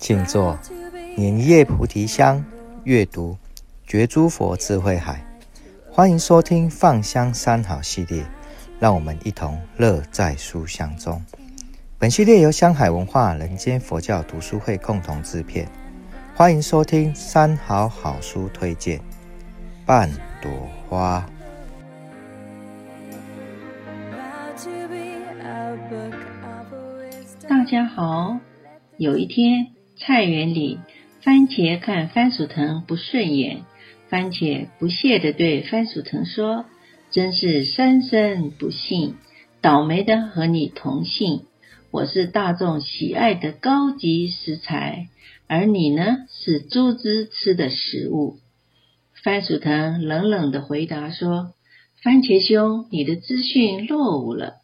請坐。年葉菩提香，閱讀覺諸佛智慧海。歡迎收聽《Fun 香三好》系列，讓我們一同樂在書香中。本系列由香海文化人間佛教讀書會共同制片。歡迎收聽《三好好書推薦》。半朵花。大家好，有一天，菜園裡，番茄看番薯藤不順眼，番茄不屑地對番薯藤說：“真是三生不幸，倒霉的和你同姓。我是大眾喜愛的高級食材，而你呢，是豬隻吃的食物。”番薯藤冷冷地回答說：“番茄兄，你的資訊落伍了。”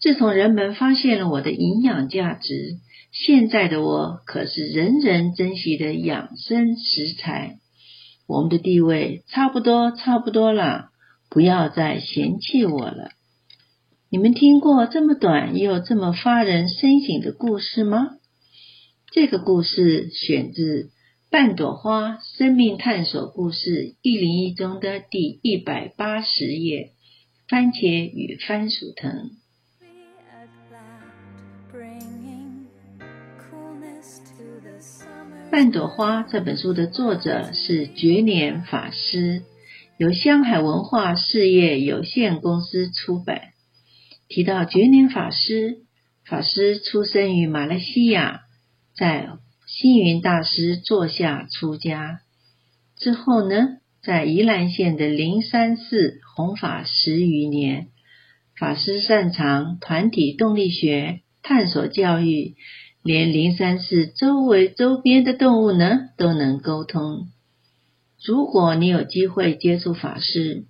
自從人們發現了我的營養價值，現在的我可是人人珍惜的養生食材。我們的地位差不多，差不多啦，不要再嫌棄我了。你們聽過這麼短又這麼發人深省的故事嗎？這個故事選自《半朵花：生命探索故事一零一》中的第一百八十頁，《番茄與番薯藤》。《半朵花》這本書的作者是覺年法師，由香海文化事業有限公司出版。提到覺年法師，法師出生於馬來西亞，在星雲大師座下出家。之後呢，在宜蘭縣的靈山寺弘法十餘年。法師擅長團體動力學、探索教育。連靈山寺周圍周邊的動物呢，都能溝通。如果你有機會接觸法師，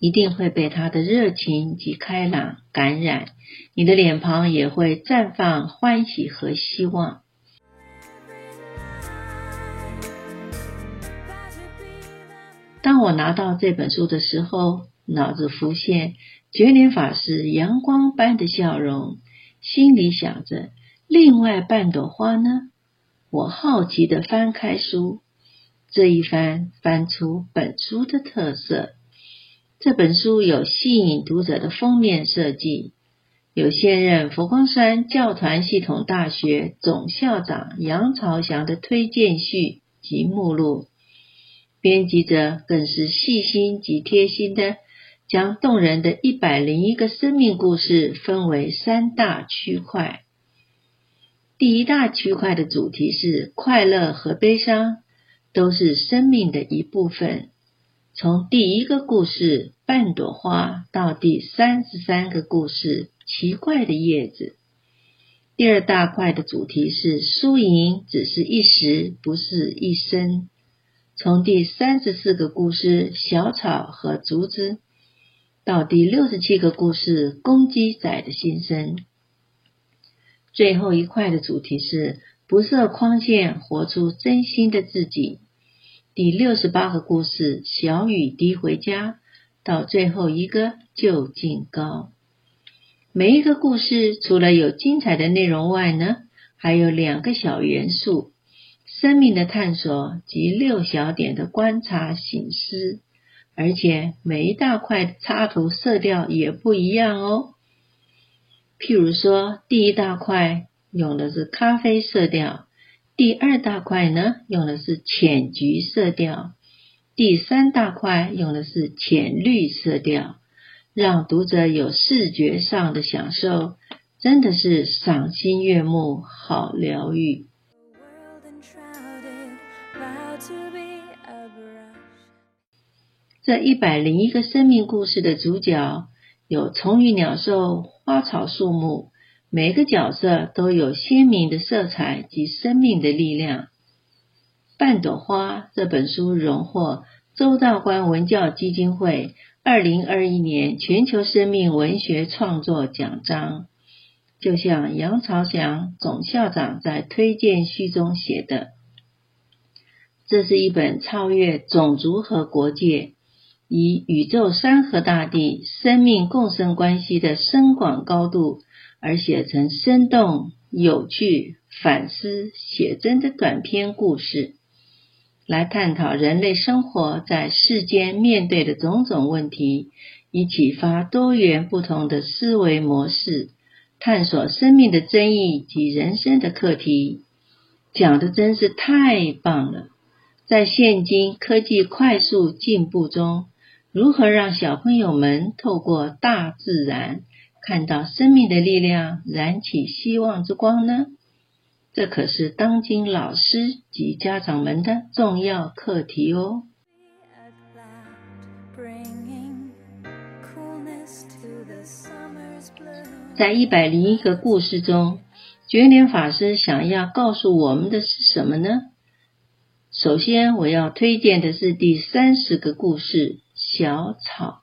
一定會被他的熱情及開朗感染，你的臉龐也會綻放歡喜和希望。當我拿到這本書的時候，腦子浮現覺年法師陽光般的笑容，心裡想着。另外半朵花呢？我好奇地翻開書，這一翻，翻出本書的特色。這本書有吸引讀者的封面設計，有現任佛光山教團系統大學總校長楊朝祥的推薦序及目錄。編輯者更是細心及貼心地，將動人的一百零一個生命故事分為三大區塊。第一大區塊的主題是快樂和悲傷都是生命的一部分，從第一個故事《半朵花》到第三十三個故事《奇怪的葉子》。第二大塊的主題是輸贏只是一時，不是一生，從第三十四個故事《小草和竹子》到第六十七個故事《公雞仔的心聲》。最後一塊的主題是不設框線，活出真心的自己。第六十八個故事《小雨滴回家》到最後一個《就近高》，每一個故事除了有精彩的內容外呢，還有兩個小元素：生命的探索及六小點的觀察省思。而且每一大塊的插圖色調也不一樣哦。譬如說，第一大塊用的是咖啡色調，第二大塊呢用的是淺橘色調，第三大塊用的是淺綠色調，讓讀者有視覺上的享受，真的是賞心悅目，好療癒。這一百零一個生命故事的主角有蟲魚、鳥獸。花草樹木，每個角色都有鮮明的色彩及生命的力量。《半朵花》這本書榮獲周道觀文教基金會二零二一年全球生命文學創作獎章。就像楊朝祥總校長在推薦序中寫的：“這是一本超越種族和國界。”以宇宙、山河、大地、生命共生關係的深廣高度，而寫成生動、有趣、反思、寫真的短篇故事，來探討人類生活在世間面對的種種問題，以啟發多元不同的思維模式，探索生命的真義及人生的課題。講的真是太棒了！在現今科技快速進步中，如何讓小朋友們透過大自然看到生命的力量，燃起希望之光呢？這可是當今老師及家長們的重要課題哦。在一百零一個故事中，覺年法師想要告訴我們的是什麼呢？首先，我要推薦的是第三十個故事。小草，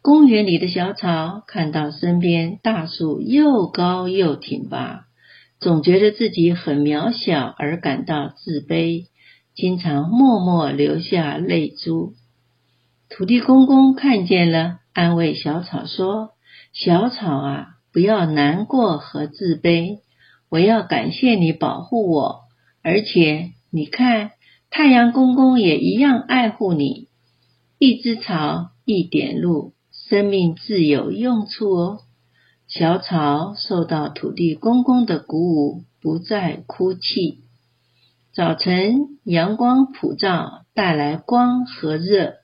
公園裡的小草看到身邊大樹又高又挺拔，總覺得自己很渺小而感到自卑，經常默默流下淚珠。土地公公看見了，安慰小草說：“小草啊，不要難過和自卑。我要感謝你保護我，而且你看，太陽公公也一樣愛護你。”一枝草，一點露，生命自有用處哦。小草受到土地公公的鼓舞，不再哭泣。早晨陽光普照，帶來光和熱，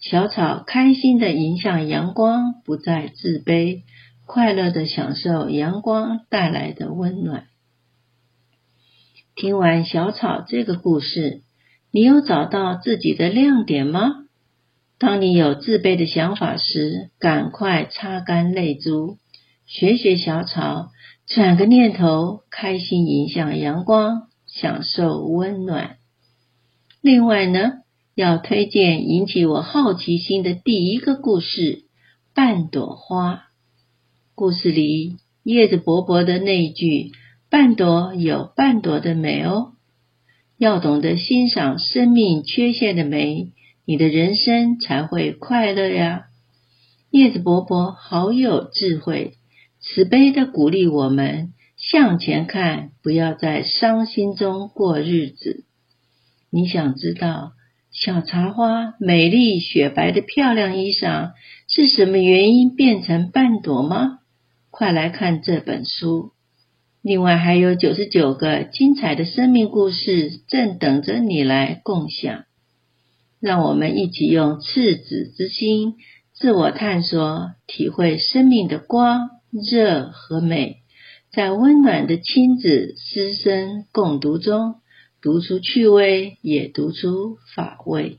小草開心地迎向陽光，不再自卑，快樂地享受陽光帶來的溫暖。聽完小草這個故事，你有找到自己的亮點嗎？當你有自卑的想法時，趕快擦乾淚珠，學學小草，轉個念頭，開心迎向陽光，享受溫暖。另外呢，要推薦引起我好奇心的第一個故事《半朵花》。故事裡葉子薄薄的那一句“半朵有半朵的美哦”，要懂得欣賞生命缺陷的美。你的人生才會快樂呀！葉子伯伯好有智慧，慈悲的鼓勵我們向前看，不要在傷心中過日子。你想知道小茶花美麗雪白的漂亮衣裳是什麼原因變成半朵嗎？快來看這本書！另外還有九十九個精彩的生命故事，正等着你來共享。讓我們一起用赤子之心，自我探索，體會生命的光、熱和美。在溫暖的親子師生共讀中，讀出趣味，也讀出法味。